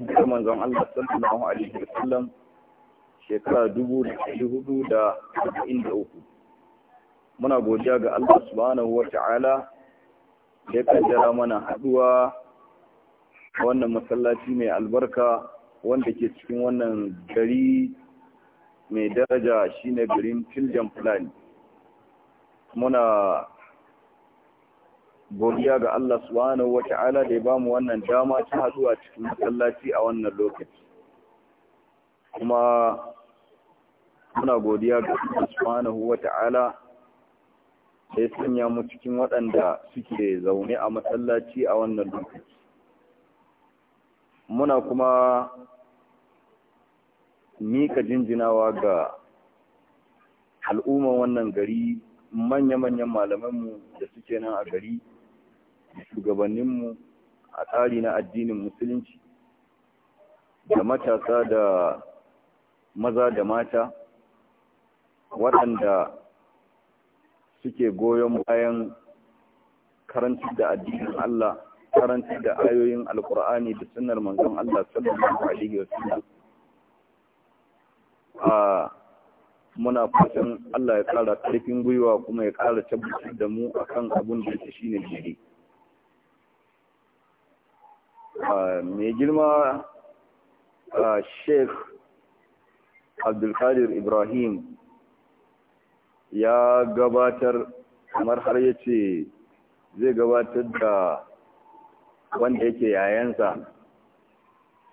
da manzon Allah sallallahu alaihi sallam shekara uku, muna godiya ga Allah subhanahu ta'ala da ya kaddara mana haduwa wannan masallaci mai albarka wanda ke cikin wannan gari mai daraja shine garin Filjan Fulani muna godiya ga Allah subhanahu wata'ala da ya bamu wannan dama ta haduwa cikin masallaci a wannan lokaci kuma muna godiya ga Allah subhanahu wata'ala da ya sanya mu cikin waɗanda suke zaune a masallaci a wannan lokaci muna kuma mika jinjinawa ga al'umman wannan gari manya-manyan malamanmu da suke nan a gari shugabanninmu a tsari na addinin musulunci da matasa da maza da mata waɗanda suke goyon bayan karanci da addinin Allah karanci da ayoyin alkur'ani da sunnar manzon Allah sallallahu alaihi wasallam a muna fatan Allah ya ƙara ƙarfin gwiwa kuma ya ƙara tabbatar da mu akan abin da yake shine daidai Ah, mai girma ah, sheikh abdulkadir ibrahim ya gabatar kamar har ya ce zai gabatar da wanda yake yayansa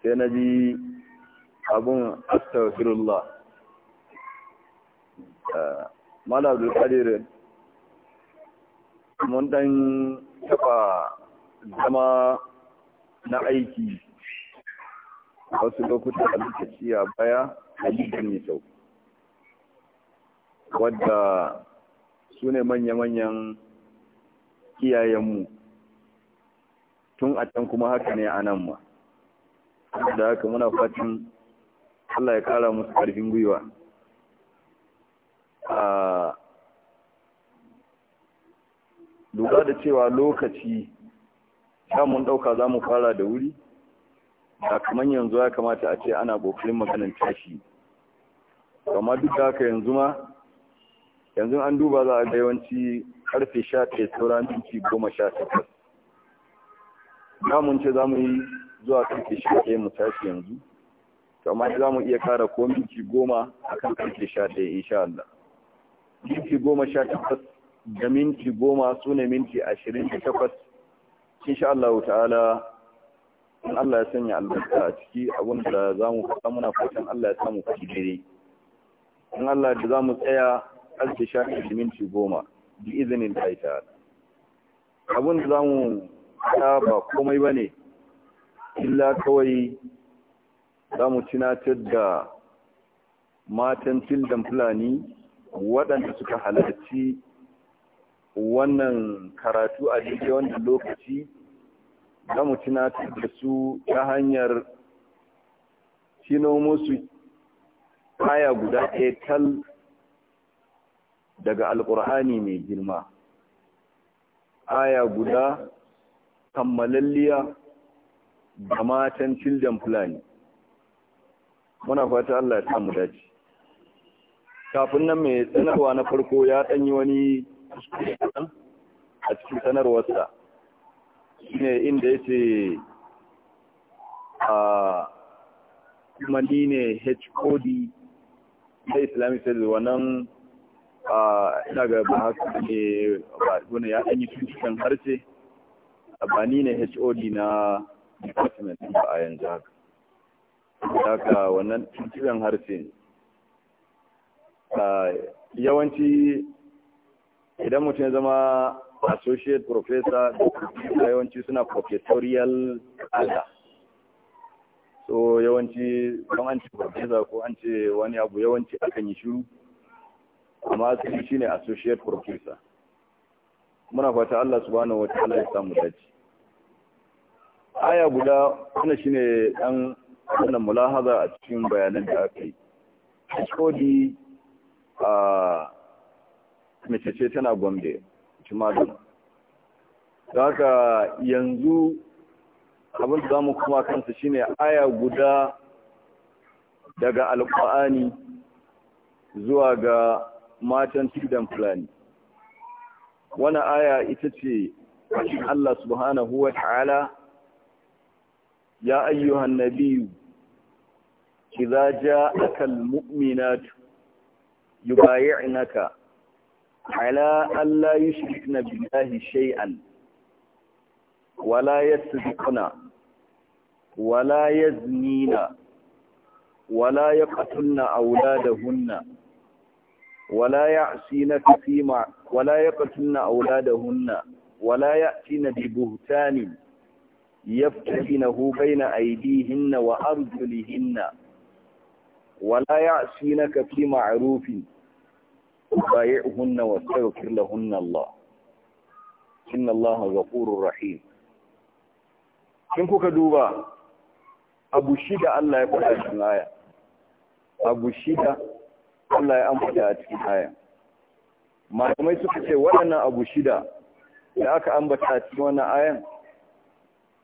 sai na bi abin astaghfirullah ah, mala abdulkadir mun dan taba zama na aiki wasu lokuta a lokaci a baya hadisin mai kyau wadda su ne manya-manyan iyayenmu tun a can kuma haka ne a nan ma da haka muna fatin Allah ya kara musu ƙarfin gwiwa a duba da cewa lokaci da mun dauka za mu fara da wuri kamar yanzu ya kamata a ce ana bokulin maganin tashi kama duk da haka yanzu ma yanzu an duba za a ga yawanci karfe sha ɗaya sauran minti takwas. Za mun ce za mu yi zuwa karfe 11 mu tashi yanzu amma za mu iya kara ko minti a akan karfe sha 11 insha Allah minti takwas da minti goma su ne minti takwas? sha Allah ta'ala in Allah ya sanya albarka a ciki abin da za mu faɗa muna fatan Allah ya samu faɗi dare in Allah da za mu tsaya aske shafi da minti goma bi izinin da ita abin da za mu ta ba komai ba ne illa kawai za mu tunatar da matan tildan fulani waɗanda suka halarci wannan karatu a daidai wannan lokaci za mu tunatar da su ta hanyar tino musu kaya guda ɗaya daga alkur'ani mai girma aya guda kammalalliya da matan children fulani muna fata Allah ya samu dace kafin nan mai tsanarwa na farko ya ɗanyi wani kuskure a cikin sanarwarsa ne inda ya ce a kuma ni ne hod na islamic studies wannan ina ga ba haka ne ba wani ya ɗanyi cikin harce ba ni ne hod na department ba a yanzu haka haka wannan cikin harce ne yawanci idan mutum ya zama associate professor da yawanci suna professorial alda so yawanci don an ce professor ko an ce wani abu yawanci akan yi shiru amma asali ne associate professor muna fata Allah subhanahu ta'ala ya samu dace aya guda wannan shine dan wannan mulahaza a cikin bayanan da aka yi HOD a ah, mace ce tana gombe cimadon da haka yanzu abin da za mu kuma kansa shine aya guda daga alƙa'ani zuwa ga matan tuddan fulani wani aya ita ce Allah subhanahu wa ta'ala ya ayyuhan nabiyu idza ja'aka almu'minatu yubay'unaka ala Allah yi shirikina billahi shay'an wala ya sirikuna wala ya zinina wala ya katunna a wula da hunna wala ya ci na fi ma wala ya katunna a wula da hunna wala ya ci na dibuhutani na hukai na wa arzulihinna wala ya ci na fi ma'arufin بايعهن واستغفر لهن الله إن الله غفور رحيم kuka duba abu shida Allah ya cikin abu shida Allah ya a cikin malamai suka ce waɗannan abu shida da aka ambata a cikin wannan ayan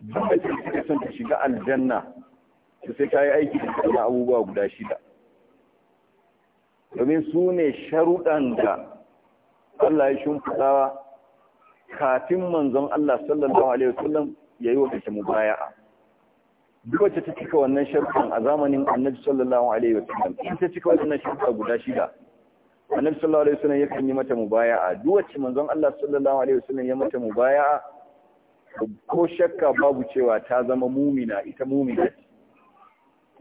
duk shiga aljanna sai ta yi aiki da abubuwa guda shida domin su ne sharuɗan da Allah ya shimfiɗawa kafin manzon Allah sallallahu alaihi wasallam ya yi wa kace mubaya'a duk wacce ta cika wannan sharuɗan a zamanin Annabi sallallahu alaihi wasallam in ta cika wannan sharuɗa guda shida Annabi sallallahu alaihi wasallam yakan yi mata mubaya'a duk wacce manzon Allah sallallahu alaihi wasallam ya mata a ko shakka babu cewa ta zama mumina ita mumina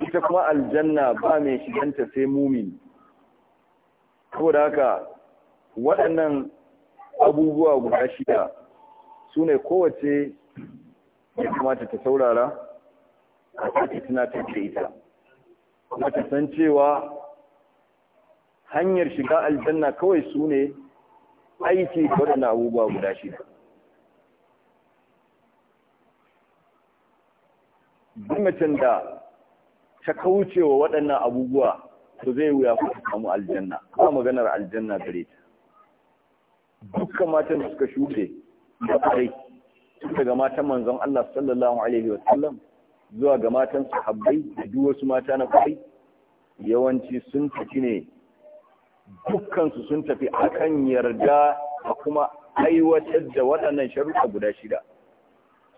ita kuma aljanna ba mai shiganta sai mumini saboda haka waɗannan abubuwa guda shida su ne kowace ya kamata ta saurara a suna tunatar ita kuma ta san cewa hanyar shiga aljanna kawai su ne aiki waɗannan abubuwa guda shida duk da ta kaucewa waɗannan abubuwa to zai wuya ku samu aljanna ba maganar aljanna gare ta dukkan matan da suka shuɗe da kare daga matan manzon Allah sallallahu alaihi wa sallam zuwa ga matan sahabbai da duk wasu mata na kai yawanci sun tafi ne dukkansu sun tafi akan yarda da kuma aiwatar da waɗannan sharuɗa guda shida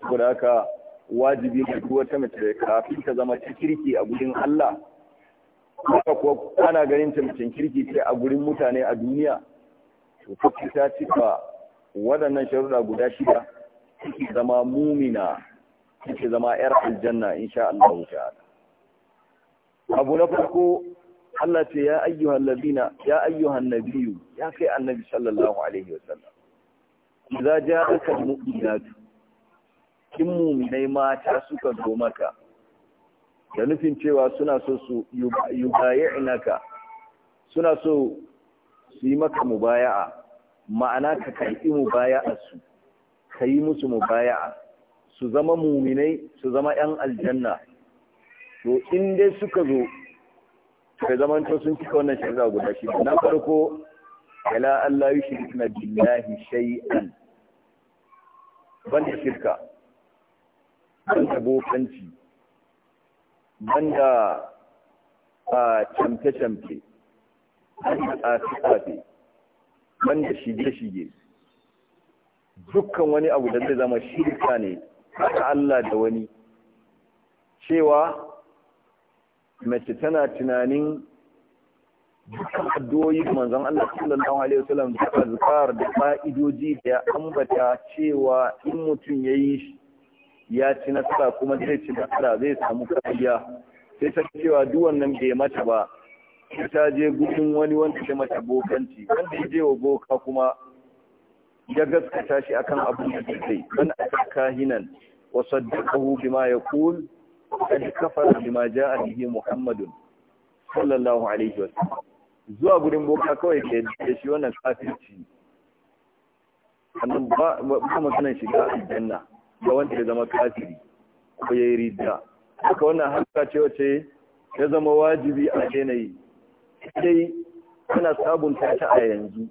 saboda ka wajibi ga wata mace kafin ta zama ta kirki a gudun Allah haka ko ana ganin tamcin kirki ce a gurin mutane a duniya to kuka ta cika waɗannan sharuɗa guda shida kike zama mumina kike zama yar aljanna insha Allah ta'ala abu na farko Allah ce ya ayyuhan ladina ya ayyuhan nabiyyu ya kai annabi sallallahu alaihi wasallam idza ja'aka al-mu'minatu kin mu'minai mata suka zo maka da nufin cewa suna so su yubayi'naka suna so su yi maka mubaya'a ma'ana ka karɓi baya'a su ka yi musu mubaya'a su zama muminai su zama 'yan aljanna to in dai suka zo ka zaman to sun cika wannan shari'a guda shi na farko ila Allah na billahi shay'an banda shirka banda bokanci banda a camfe-camfe banda tsafi-tsafi banda shige-shige dukkan wani abu da zai zama shirka ne haka Allah da wani cewa mace tana tunanin dukkan addu'o'i da manzan Allah sallallahu alaihi wasallam da azkar da ƙa’idoji da ya ambata cewa in mutum ya yi shi ya ci nasara kuma zai ci nasara zai samu kariya sai ta cewa duk wannan bai mata ba ta je gudun wani wanda ke mata bokanci wanda ya je wa boka kuma ya gaskata shi akan abin da zai man aka kahinan wa saddaqahu bima yaqul wa kafara bima jaa bihi muhammadun sallallahu alaihi wa sallam zuwa gudun boka kawai ke da shi wannan kafirci annabi ba ba shi shiga aljanna ga wanda ya zama kafiri ko ya yi rida haka wannan harka ce wace ya zama wajibi a yanayi sai ana sabunta ta a yanzu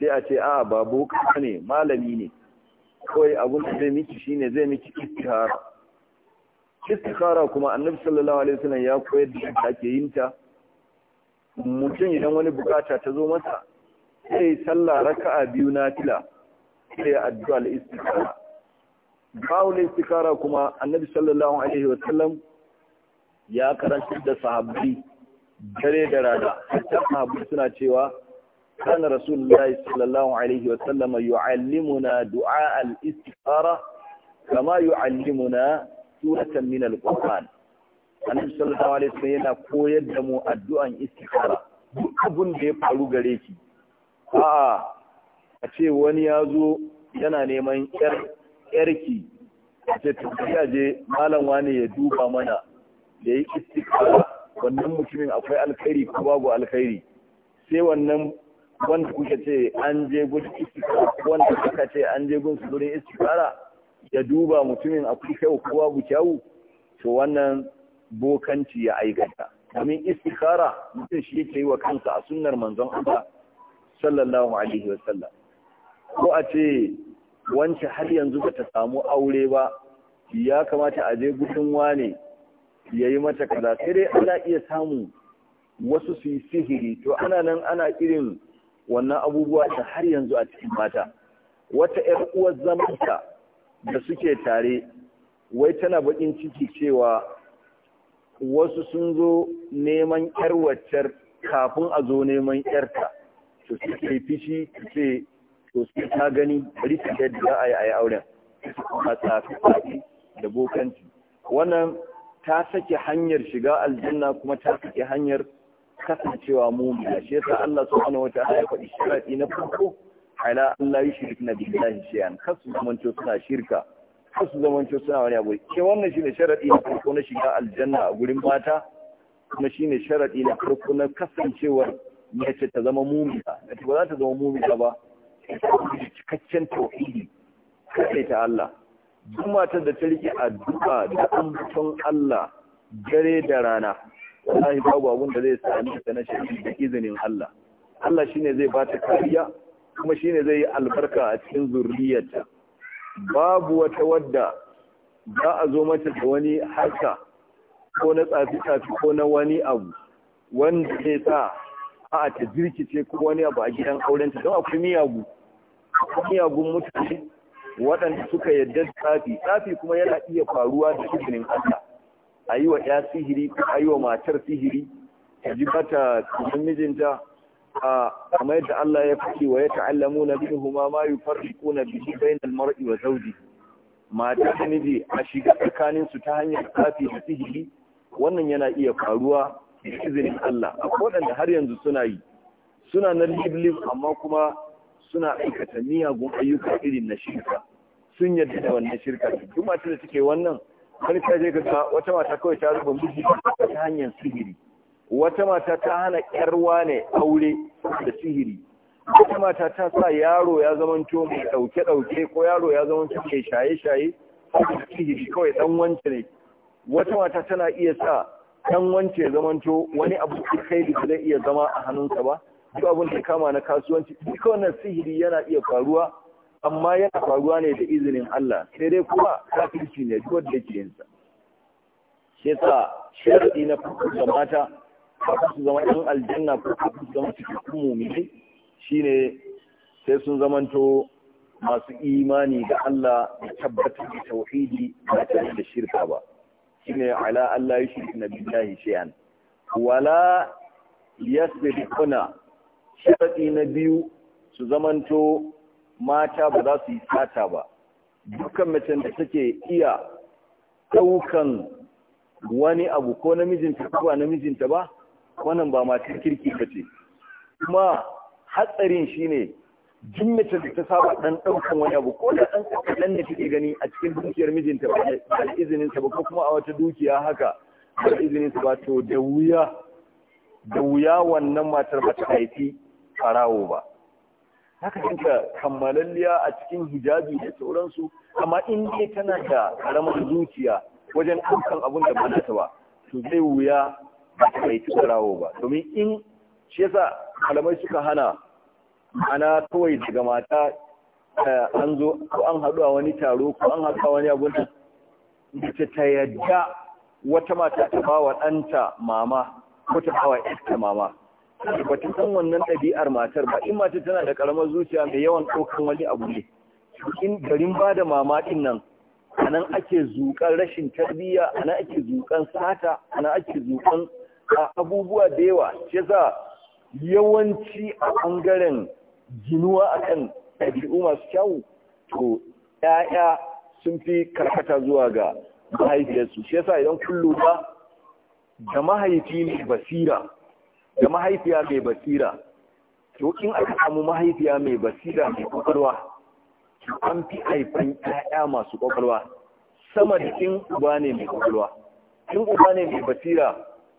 sai a ce a ba boka ne malami ne kawai abun da zai miki shine zai miki istihara istihara kuma annabi sallallahu alaihi wasallam ya koyar da yadda ake yin ta mutum idan wani bukata ta zo masa sai sallah raka'a biyu na fila sai addu'a al-istihara bawul istikara kuma annabi sallallahu alaihi wasallam ya karanta da sahabbai dare da rana hatta sahabbai suna cewa kana rasulullahi sallallahu alaihi wasallam yu'allimuna du'a al-istikara kama yu'allimuna suratan min al-qur'an annabi sallallahu alaihi wasallam yana koyar da mu addu'an istikara duk abun da ya faru gare ki a'a a ce wani ya zo yana neman yar yarki a ce tafiya je malam wani ya duba mana da ya yi istikara wannan mutumin akwai alkhairi ko babu alkhairi sai wannan wanda kuka ce an je gudun istikara wanda kuka ce an je gudun sudurin istikara ya duba mutumin akwai kyau ko babu kyau to wannan bokanci ya aikata domin istikara mutum shi yake yi wa kansa a sunnar manzon Allah sallallahu alaihi wasallam ko a ce wance har yanzu ba ta samu aure ba ya kamata a je gudun ne ya yi mata kaza sai dai ana iya samu wasu su yi sihiri to ana nan ana irin wannan abubuwa ta har yanzu a cikin mata wata ‘yar uwar zamanta da suke tare wai tana bakin ciki cewa wasu sun zo neman ‘yar waccar kafin a zo neman ‘yarta to suke fishi ce to sai ta gani rikin yadda za a yi a yi auren a tsafi da bokanci wannan ta sake hanyar shiga aljanna kuma ta sake hanyar kasancewa mumina shi yasa Allah subhanahu wataala ya faɗi sharadi na farko ala Allah yi shirki na billahi shay'an kasu zamanto suna shirka kasu zamanto suna wani abu ke wannan shine sharadi na farko na shiga aljanna a gurin mata kuma shine sharadi na farko na kasancewar mace ta zama mumina ba za ta zama mumina ba cikakken tauhidi kai ta Allah duk matar da ta rike addu'a da ambaton Allah dare da rana wallahi babu abun da zai sami ta na shi da izinin Allah Allah shine zai ba ta kariya kuma shine zai yi albarka a cikin zurriyarta babu wata wadda za a zo mata da wani harka ko na tsafi-tsafi ko na wani abu wanda zai sa a ta jirkice ko wani abu a gidan aurenta don akwai miyagu miyagun mutane waɗanda suka yadda tsafi tsafi kuma yana iya faruwa da izinin Allah a yi wa ya sihiri a yi wa matar sihiri a ji bata cikin mijinta a kamar yadda Allah ya fi wa ya ta'allamu na bin huma ma yi ko na bishi bainal mar'i wa zauji mata da miji a shiga tsakaninsu ta hanyar tsafi da sihiri wannan yana iya faruwa da izinin Allah A waɗanda har yanzu suna yi suna na liblib amma kuma suna aikata miyagun ayyuka irin na shirka sun yadda da wannan shirka duk mata da suke wannan wani ta je ga wata mata kawai ta zuba miji ta hanyar sihiri wata mata ta hana yarwa ne aure da sihiri wata mata ta sa yaro ya zamanto mai dauke dauke ko yaro ya zamanto mai shaye shaye sihiri kawai dan wance ne wata mata tana iya sa dan wance zamanto wani abu kai da zai iya zama a hannunsa ba duk abin da kama na kasuwanci duk wannan sihiri yana iya faruwa amma yana faruwa ne da izinin Allah sai dai kuma kafirci ne duk wanda yake yin sa shi yasa sharadi na farko ga mata ba su zama ɗan aljanna ko su zama cikin mu'mini shine sai sun zamanto masu imani da Allah da tabbatar da tauhidi ba ta da shirka ba shine ala Allah yushrik na billahi shay'an wala yasbiquna sharaɗi na biyu su zamanto mata ba za su yi sata ba dukkan macen da take iya ɗaukan wani abu ko namijinta ko ba namijinta ba wannan ba matar kirki ba ce kuma hatsarin shi ne jin macen da ta saba ɗan ɗaukan wani abu ko da ɗan kaɗan ne take gani a cikin dukiyar mijinta ba da izinin sa ba ko kuma a wata dukiya haka ba da izinin sa ba to da wuya da wuya wannan matar ba ta haifi farawo ba haka kanka kammalalliya a cikin hijabi da sauransu amma in dai tana da karamar zuciya wajen ɗaukan abin da ba ta ba to zai wuya ba bai ci farawo ba domin in shi yasa kalamai suka hana ana kawai daga mata eh, an zo ko an haɗu a wani taro ko an haɗu a wani abin da ta yadda wata mata ta ba wa ɗanta mama ko ta ba wa mama bata san wannan ɗabi'ar matar ba in mata tana da karamar zuciya mai yawan ɗaukan wani abu ne in garin ba da mamakin nan a ake zuƙan rashin tarbiyya a ake zuƙan sata a ake zuƙan abubuwa da yawa ce za yawanci a ɓangaren jinuwa a kan ɗabi'u masu kyawu to ‘ya'ya sun fi karkata zuwa ga mahaifiyarsu shi yasa idan kun ba, da mahaifi mai basira da mahaifiya mai basira to in aka samu mahaifiya mai basira mai kwakwalwa an fi haifan ƴaƴa masu kwakwalwa sama da in uba ne mai kwakwalwa in uba ne mai basira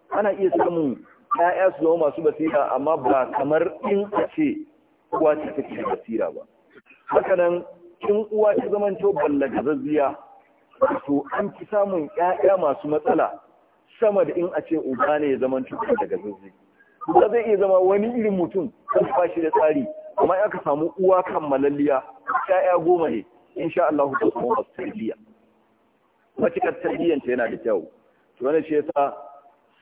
ana iya samun ƴaƴa su zama masu basira amma ba kamar in a ce uwa ce take da basira ba haka nan in uwa ta zama to ballagazazziya to an fi samun ƴaƴa masu matsala sama da in a ce uba ne ya zama to ballagazazziya ba zai iya zama wani irin mutum kan ba shi da tsari amma in aka samu uwa kan malalliya ya'ya goma ne insha Allah ta samu masu tarbiyya matukar tarbiyyar ta yana da kyau to wannan shi yasa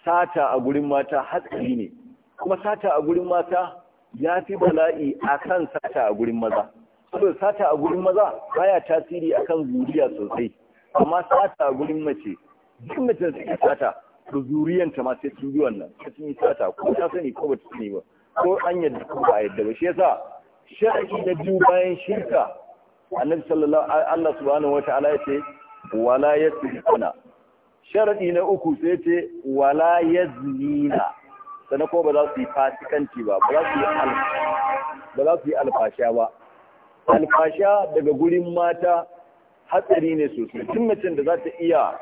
sata a gurin mata hatsari ne kuma sata a gurin mata ya fi bala'i akan sata a gurin maza saboda sata a gurin maza baya tasiri akan zuriya sosai amma sata a gurin mace duk mace suke sata to zuriyanta ma sai sun bi wannan ta sun yi sata ko ta sani ko ba ta sani ba ko an yadda ko ba yadda ba shi yasa shar'i na biyu bayan shirka annabi sallallahu Allah subhanahu ta'ala ya ce wala yasrifuna shar'i na uku sai ce wala yaznina sana ko ba za su yi fasikanci ba ba za su yi ba za su yi alfasha ba alfasha daga gurin mata hatsari ne sosai tun macen da za ta iya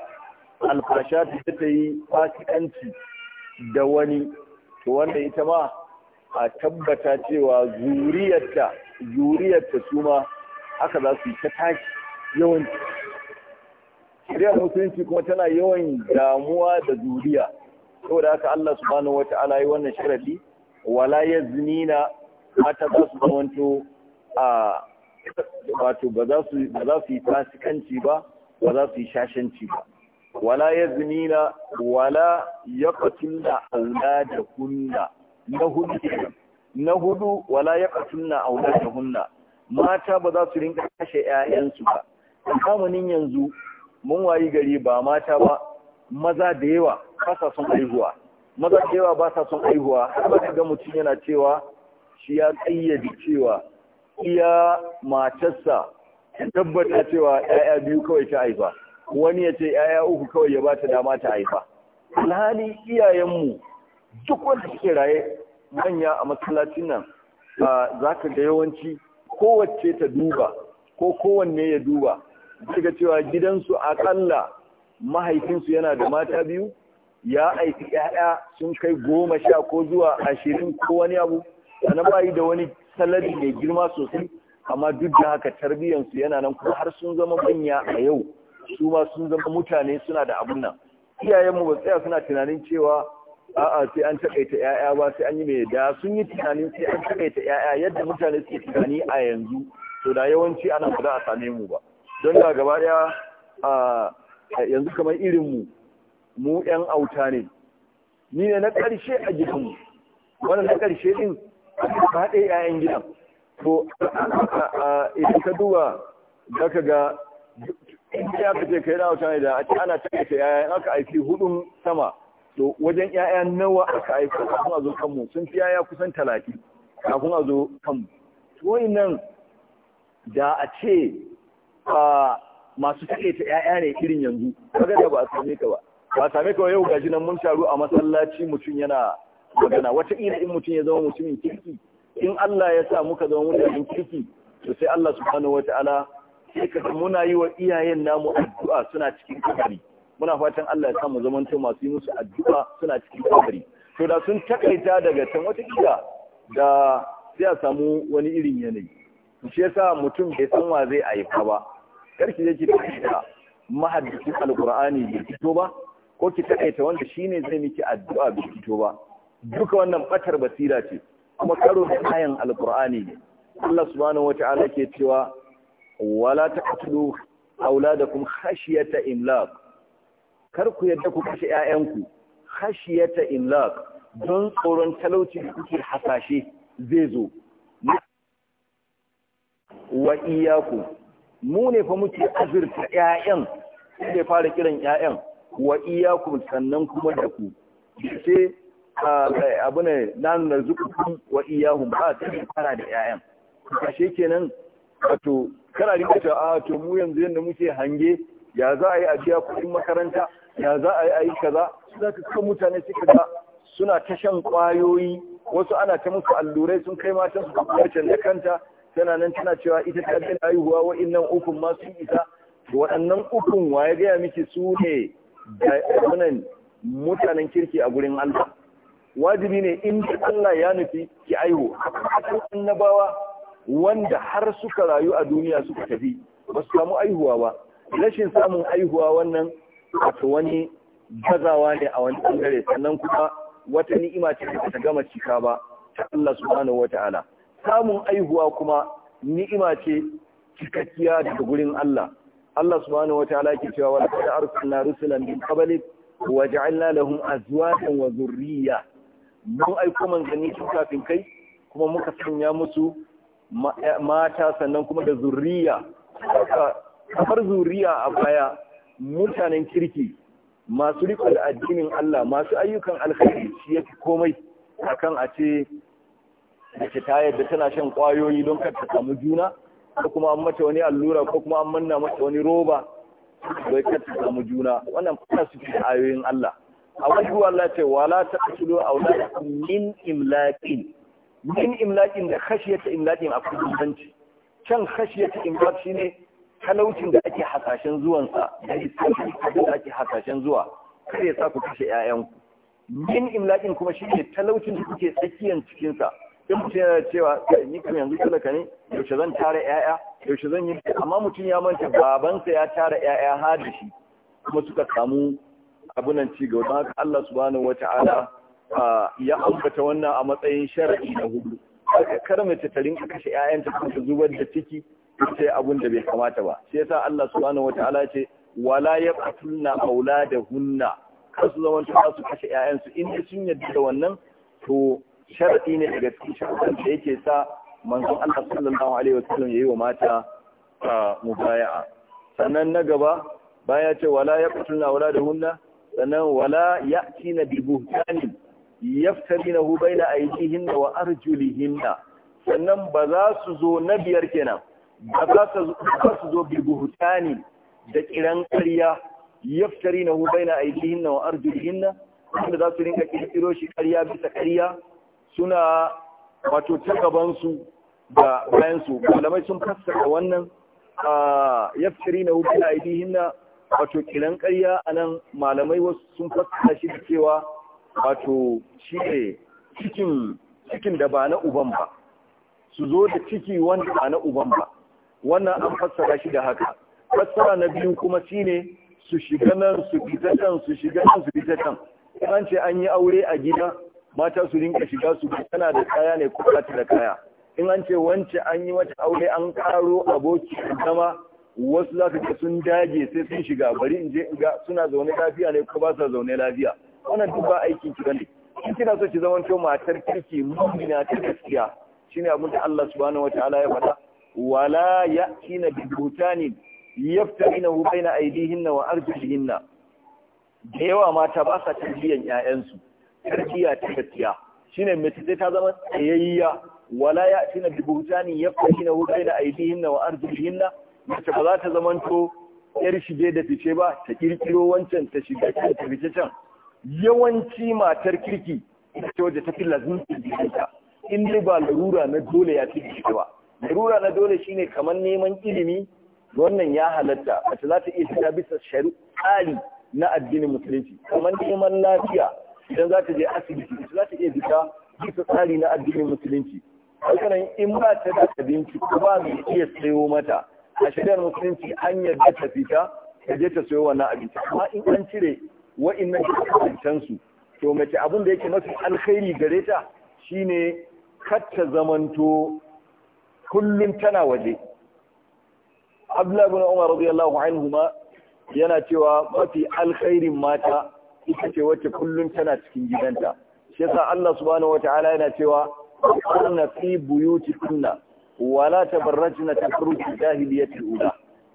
alfasha ta ta yi fasikanci da wani to wanda ita ma a tabbata cewa zuriyarta zuriyarta su ma haka za su yi ta tashi yawanci shari'ar musulunci kuma tana yawan damuwa da zuriya saboda haka Allah subhanahu wata'ala yi wannan sharadi wala yaznina mata za su zamanto a wato ba za su yi fasikanci ba ba za su yi shashanci ba wala zinina wala yaqtulna auladakunna na hudu na hudu wala ya da hunna. mata ba za su rinka kashe 'ya'yansu ba zamanin yanzu mun wayi gari ba mata ba maza da yawa ba sa son aihuwa maza da yawa ba sa son aihuwa har ba ga mutum yana cewa shi ya kayyade cewa iya matarsa tabbata cewa 'ya'ya biyu kawai ta haifa wani ya ce ‘ya'ya uku kawai ya ba ta dama ta haifa. Alhali iyayenmu duk wanda suke raye manya a masallacin nan za zaka ga yawanci kowace ta duba ko kowanne ya duba daga cewa gidansu akalla mahaifinsu yana da mata biyu ya aiki ‘ya'ya sun kai goma sha ko zuwa ashirin ko wani abu ana bayi da wani salari mai girma sosai amma duk da haka tarbiyyansu yana nan kuma har sun zama manya a yau su ma sun zama mutane suna da abun nan iyayenmu ba tsaya suna tunanin cewa a'a sai an takaita yaya ba sai an yi mai da sun yi tunanin sai an takaita yaya yadda mutane suke tunani a yanzu to da yawanci ana ba za a same mu ba don da gaba daya yanzu kamar irin mu mu yan auta ne ni ne na ƙarshe a gidanmu wannan na ƙarshe din ka haɗe 'ya'yan gidan to idan ka duba za ga in ya fice kai da wata da ake ana ta yaya in aka aiki hudun sama to wajen yaya nawa aka aiki kafin a zo kanmu sun fi yaya kusan talati kafin a zo kanmu to da a ce masu ta yaya ne irin yanzu kaga da ba a same ka ba ba same ka yau gaji nan mun taru a masallaci mutum yana magana wata ila in mutum ya zama mutumin kirki in Allah ya sa muka zama mutanen kirki to sai Allah subhanahu wataala sai ka muna yi wa iyayen namu addu'a suna cikin kabari muna fatan Allah ya samu zamanta masu yi musu addu'a suna cikin kabari to da sun takaita daga can wata kila da sai a samu wani irin yanayi shi yasa mutum bai san wa zai aifa ba karki ki takaita mahaddicin alqur'ani bai fito ba ko ki takaita wanda shi ne zai miki addu'a bai fito ba duka wannan batar basira ce kuma karo da kayan alqur'ani ne Allah subhanahu wata'ala ke cewa wala taqtulu auladakum khashyata imlaq kar ku yadda ku kashe ƴaƴanku khashyata imlaq don tsoron talauci da kuke hasashe zai zo wa iyyakum mu ne fa muke azurta ƴaƴan sai fara kiran ƴaƴan wa iyyakum sannan kuma da ku sai abu ne nan da zukukun wa iyahum ba ta fara da ƴaƴan kashe kenan wato kana rinka ta, a ah, to mu yanzu yanda muke hange ya za a yi ajiya kudin kuɗin makaranta ya za a yi a yi kaza za ka kan mutane suka ga suna ta shan ƙwayoyi wasu ana ta musu allurai sun kai matan su kwacin da kanta tana nan tana cewa ita ta ga haihuwa wa'annan ukun ma sun isa waɗannan ukun wa ya gaya miki su ne wannan mutanen kirki a gurin Allah wajibi ne in Allah ya nufi ki aihu annabawa wanda har suka rayu a duniya suka tafi ba su samu aihuwa ba rashin samun aihuwa wannan wato wani gazawa ne a wani ɓangare sannan kuma wata ni'ima ce da ta gama cika ba ta Allah subhanahu wata'ala samun aihuwa kuma ni'ima ce cikakkiya daga gurin Allah Allah subhanahu wata'ala yake cewa wa laqad arsalna rusulan min qablik wa ja'alna lahum azwajan wa dhurriyya mun aiko manzanni kafin kai kuma muka sanya musu Eh, mata sannan kuma da zuriya kamar zuriya a baya mutanen kirki masu riƙo da addinin Allah masu ayyukan alkhairi shi yake komai akan a ce ke ta yadda tana shan ƙwayoyi don kar ta samu juna ko kuma an mata wani allura ko kuma an manna mata wani roba don kar samu juna wannan fara su ayoyin Allah a wajen Allah ce wala ta a auladakum min imlaqin min imlaƙin da khashiyata imlaƙin a kudin banci can khashiyata imlaƙ talaucin da ake hasashen zuwansa da lissafin da ake hasashen zuwa kar ya sa ku kashe 'ya'yanku min imlaƙin kuma ne talaucin da kuke tsakiyan cikinsa in mutum yana cewa ni kan yanzu talaka ne yaushe zan tara 'ya'ya yaushe zan yi amma mutum ya manta babansa ya tara 'ya'ya har da shi kuma suka samu abunan ci gaba don haka Allah subhanahu wata'ala ya ambata wannan a matsayin shar'i na hudu kar mace ta rinka kashe ƴaƴanta ko ta zubar da ciki sai abun da bai kamata ba Sai yasa Allah subhanahu wataala ce wala yaqtulna auladahunna kar su zama ta su kashe 'ya'yansu. in sun yadda da wannan to shar'i ne daga cikin sharuɗan da yake sa manzon Allah sallallahu alaihi wasallam yayi wa mata mubaya'a sannan na gaba baya ce wala yaqtulna auladahunna sannan wala ya'tina bi buhtanin yaftarinahu baina aydihinna wa arjulihinna sannan ba za su zo na biyar kenan ba za su zo bi da kiran ƙarya yaftarinahu baina aydihinna wa arjulihinna wanda za su rinka kirkiro shi ƙarya bisa ƙarya suna wato ta gabansu da bayansu malamai sun fassara wannan a yaftari na hukun aidihin na wato kiran ƙarya a nan malamai wasu sun fassara shi da cewa wato shi ne cikin da ba na uban ba su zo da ciki wanda ba na uban ba wannan an fassara shi da haka fassara na biyu kuma shi ne su shiga nan su fita can su shiga nan su fita can an ce an yi aure a gida mata su rinka shiga su tana da kaya ne ko ta da kaya in an ce wance an yi mata aure an karo aboki zama wasu za ka sun dage sai sun shiga bari in je in ga suna zaune lafiya ne ko ba sa zaune lafiya wannan duk ba aikin ki bane in kina so ki zama to matar kirki mu'mina ta gaskiya shine abin da Allah subhanahu wataala ya faɗa wala ya'tina bi butanin yaftarinahu baina aydihinna wa arjulihinna da yawa mata ba sa tarbiyan su tarbiya ta gaskiya shine mace sai ta zama tsayayya wala ya'tina bi butanin yaftarinahu baina aydihinna wa arjulihinna mace ba za ta zama to yar shige da fice ba ta kirkiro wancan ta shiga ta fice can yawanci matar kirki ita ce wadda ta fi lazimtar jikinta in dai ba larura na dole ya fi jiki larura na dole shine kamar neman ilimi wannan ya halatta mace za ta iya fita bisa shari'ari na addinin musulunci kamar neman lafiya idan za ta je asibiti mace za ta iya fita bisa tsari na addinin musulunci hakanan in ba ta da abinci ko ba mai iya sayo mata a shari'ar musulunci an yarda ta fita ta je ta sayo wannan abinci amma in an cire wa'annan kancan su to mace abin da yake mafi alkhairi gare ta shine katta zamanto kullum tana waje Abdullahi bin Umar radiyallahu ma yana cewa mafi alkhairin mata ita ce wacce kullum tana cikin gidanta shi yasa Allah subhanahu wataala yana cewa kunna fi buyutikunna wala tabarrajna takhruju jahiliyyati ula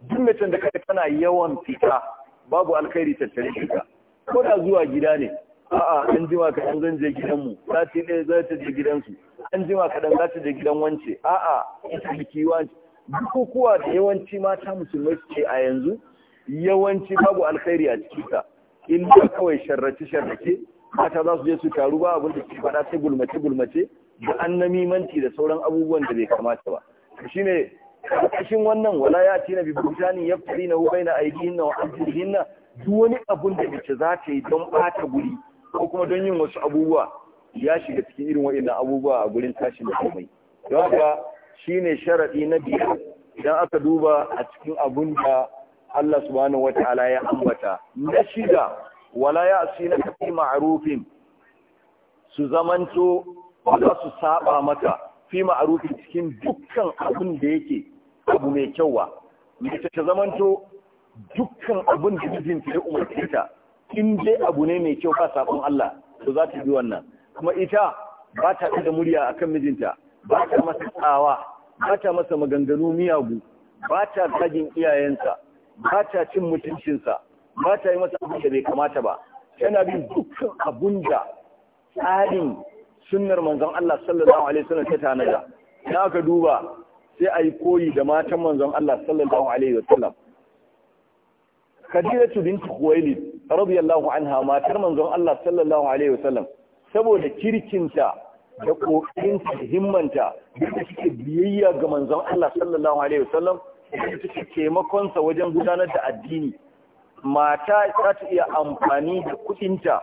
duk da kai tana yawan fita babu alkhairi tattare da ko zuwa gida ne a'a an jima kaɗan zan je gidanmu sati ɗaya za ta je gidansu an jima kaɗan za ta je gidan wance a'a ita biki wance bukukuwa da yawanci mata musulmai ce a yanzu yawanci babu alkhairi a ta in da kawai sharrace sharrace mata za su je su taru ba abin da ke faɗa sai gulmace gulmace da annamimanci da sauran abubuwan da bai kamata ba shine kashin wannan wala ya tina bi na yaftarina na aiki aydihinna wa arjulihinna duk wani abun da mace za ta yi don ɓata guri ko kuma don yin wasu abubuwa ya shiga cikin irin waɗannan abubuwa a gurin tashin da komai don haka shine sharaɗi na biyar idan aka duba a cikin abun da Allah subhanahu wataala ya ambata na shida wala ya na kafi ma'arufin su zamanto ba su saba maka fi ma'arufin cikin dukkan abun da yake abu mai kyau wa mace ta zamanto dukkan abin da mijinta ya umarci ta in dai abu ne mai kyau ba sabon Allah to za ta bi wannan kuma ita ba ta da murya akan mijinta ba ta masa tsawa ba ta masa maganganu miyagu ba ta zagin iyayensa ba ta cin mutuncinsa ba ta yi masa abin da bai kamata ba yana bin dukkan abun da tsarin sunnar manzon Allah sallallahu alaihi wasallam ta tanada na ka duba sai a yi koyi da matan manzon Allah sallallahu alaihi wasallam khadijatu bint khuwailid radiyallahu anha matar manzon Allah sallallahu alaihi wasallam saboda kirkinta da kokarinta da himmanta da take biyayya ga manzon Allah sallallahu alaihi wasallam da take taimakon sa wajen gudanar da addini mata za ta iya amfani da kudinta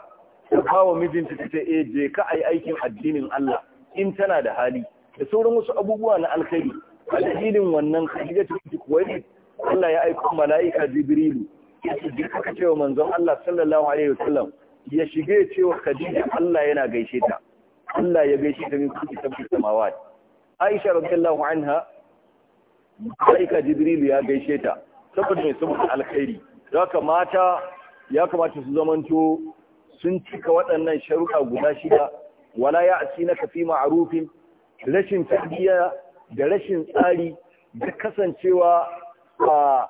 ta kawo mijinta ta ce eh je ka ai aikin addinin Allah in tana da hali da sauran wasu abubuwa na alkhairi a dalilin wannan khadijatu bint khuwailid Allah ya aika mala'ika Jibrilu ya shige aka cewa manzon Allah sallallahu alaihi wasallam ya shige cewa Khadija Allah yana gaishe ta Allah ya gaishe ta min kuki tabi samawat Aisha radhiyallahu anha malaika Jibril ya gaishe ta saboda mai saboda alkhairi haka mata ya kamata su zamanto sun cika waɗannan sharuɗa guda shida wala ya asina ka fi ma'arufin rashin tarbiyya da rashin tsari da kasancewa a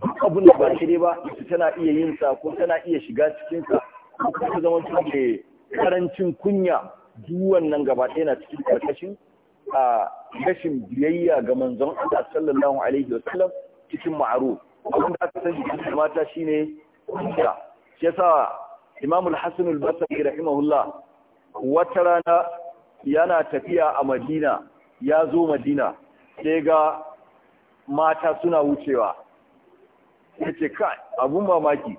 duk abin da ba shi ba ita tana iya yin sa ko tana iya shiga cikin sa ko ta zama ta ke karancin kunya duk wannan gaba ɗaya na cikin karkashin a rashin biyayya ga manzon Allah sallallahu alaihi wasallam cikin ma'ruf abin da aka sani shi mata shine kunya shi yasa Imam al-Hasan al-Basri rahimahullah wata rana yana tafiya a Madina ya zo Madina sai ga mata suna wucewa ya ce ka abun mamaki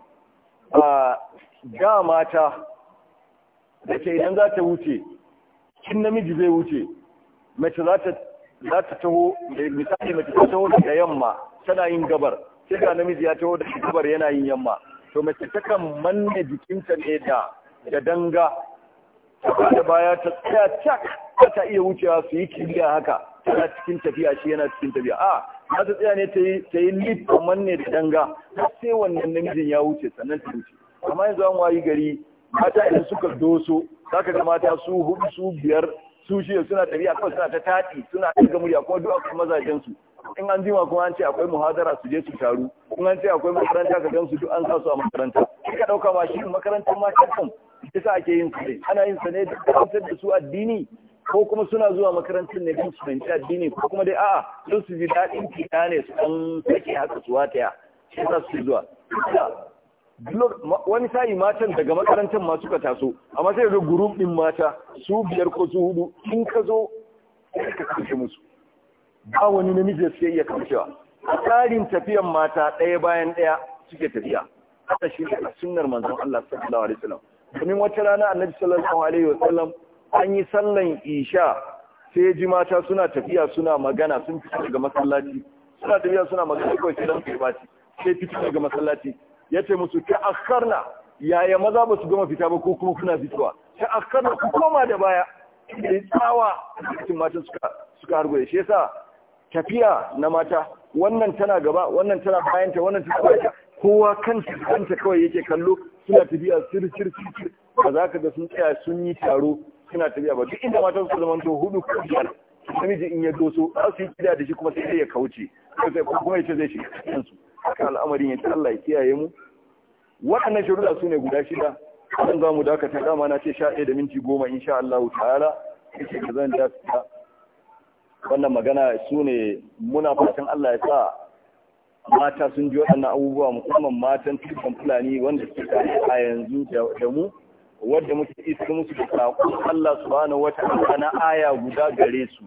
a da mata da ke idan za ta wuce kin namiji zai wuce mace za ta taho misali mace ta taho daga yamma tana yin gabar sai ga namiji ya taho daga gabar yana yin yamma to mace takan manne jikinta ne da da danga ta da baya ta tsaya cak ta iya wucewa su yi kiriya haka tana cikin tafiya shi yana cikin tafiya a za ta tsaya ne ta yi lip kamar ne da danga ta sai wannan namijin ya wuce sannan ta wuce amma yanzu an wayi gari mata idan suka doso za ka ga mata su hudu su biyar su shi suna tafiya kawai suna ta taɗi suna ga murya kuma duk akwai mazajen in an jima kuma an ce akwai muhadara su je su taru in an ce akwai makaranta ka gan duk an sa su a makaranta ka ɗauka ma shi makarantar matan kan ita ake yin su ne ana yin sa ne da kwantar da su addini ko kuma suna zuwa makarantar ne don su fahimci addini ko kuma dai a'a don su ji daɗin fita ne su ɗan sake haka su wataya shi za su zuwa wani sa'i matan daga makarantar ma suka taso amma sai ga gurum ɗin mata su biyar ko su hudu in ka zo sai ka kamshe musu ba wani namiji sai iya kamshewa a tsarin tafiyan mata ɗaya bayan ɗaya suke tafiya haka shi ne sunnar manzon Allah sallallahu alaihi wasallam domin wata rana annabi sallallahu alaihi wasallam an yi sallan isha sai ji mata suna tafiya suna magana sun fito daga masallaci suna tafiya suna magana kawai sai dan kirbati sai fito daga masallaci yace musu ta akharna yaya maza ba su gama fita ba ko kuma kuna fitowa ta akharna ku koma da baya sai tsawa cikin mata suka suka hargo shi yasa tafiya na mata wannan tana gaba wannan tana bayanta wannan tana bayanta kowa kan kanta kawai yake kallo suna tafiya sirri sirri sir ba za ka ga sun tsaya sun yi taro suna tafiya ba duk inda matan su zama to hudu ko biyar namiji in ya doso za su yi gida da shi kuma sai ya kauce sai kuma ya ce zai shiga kansu haka al'amarin ya ce Allah ya kiyaye mu waɗannan sharuɗa su ne guda shida zan za mu dakata dama na ce sha ɗaya da minti goma insha Allah ta'ala yake da zan dakata wannan magana su ne muna fatan Allah ya sa mata sun ji waɗannan abubuwa musamman matan cikin fulani wanda suke tare a yanzu da mu wadda muke iska musu da saƙon Allah subhanahu wa ta'ala na aya guda gare su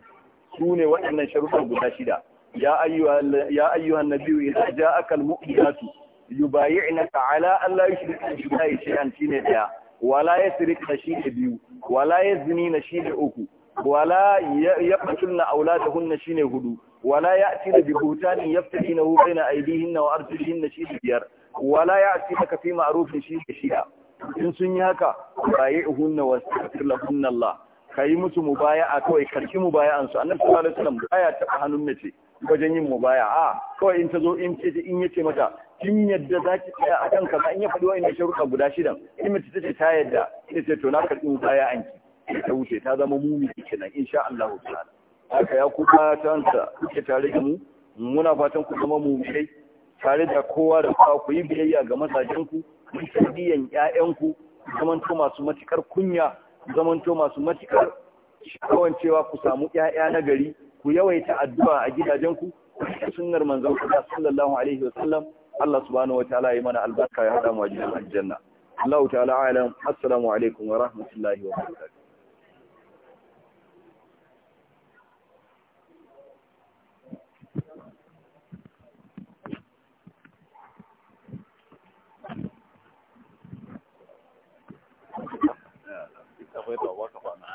su ne waɗannan sharuɗa guda shida ya ayyuhan nabiyyu idza ja'aka al-mu'minatu yubayi'naka ala an la yushrika billahi shay'an shine daya wala yasrika shine biyu wala yaznina shine uku wala yaqtulna auladahunna shine hudu wala ya'tina bi buhtanin yaftarinahu bayna aydihinna wa arjulihinna shine biyar wala ya'tinaka fi ma'rufin shine shida in sun yi haka baye ihunna wa astaghfirullah Allah kai musu mubaya'a kawai karki mubaya'ansu annabi sallallahu alaihi wasallam baya taba hannun mace wajen yin mubaya'a kawai in ta zo in ce in yace mata kin yadda za ki tsaya a kanka ba in ya faɗi wa'annan sharuɗa guda shidan in mace ta ce ta yadda ita ce to na karɓi mubaya'an ki ta wuce ta zama mumi kenan insha Allah ta'ala haka ya kuma tanta kuke tare da mu muna fatan ku zama mumai tare da kowa da kowa ku yi biyayya ga masajen ku ku yi tarbiyyar ƴaƴanku zamanto masu matukar kunya zamanto masu matukar shawon cewa ku samu ƴaƴa na gari ku yawaita addu'a a gidajenku da sunnar manzon Allah sallallahu alaihi wa sallam Allah subhanahu wataala ya mana albarka ya hada mu a cikin aljanna Allah ta'ala alam assalamu alaikum wa rahmatullahi wa barakatuh 回头我说话呢。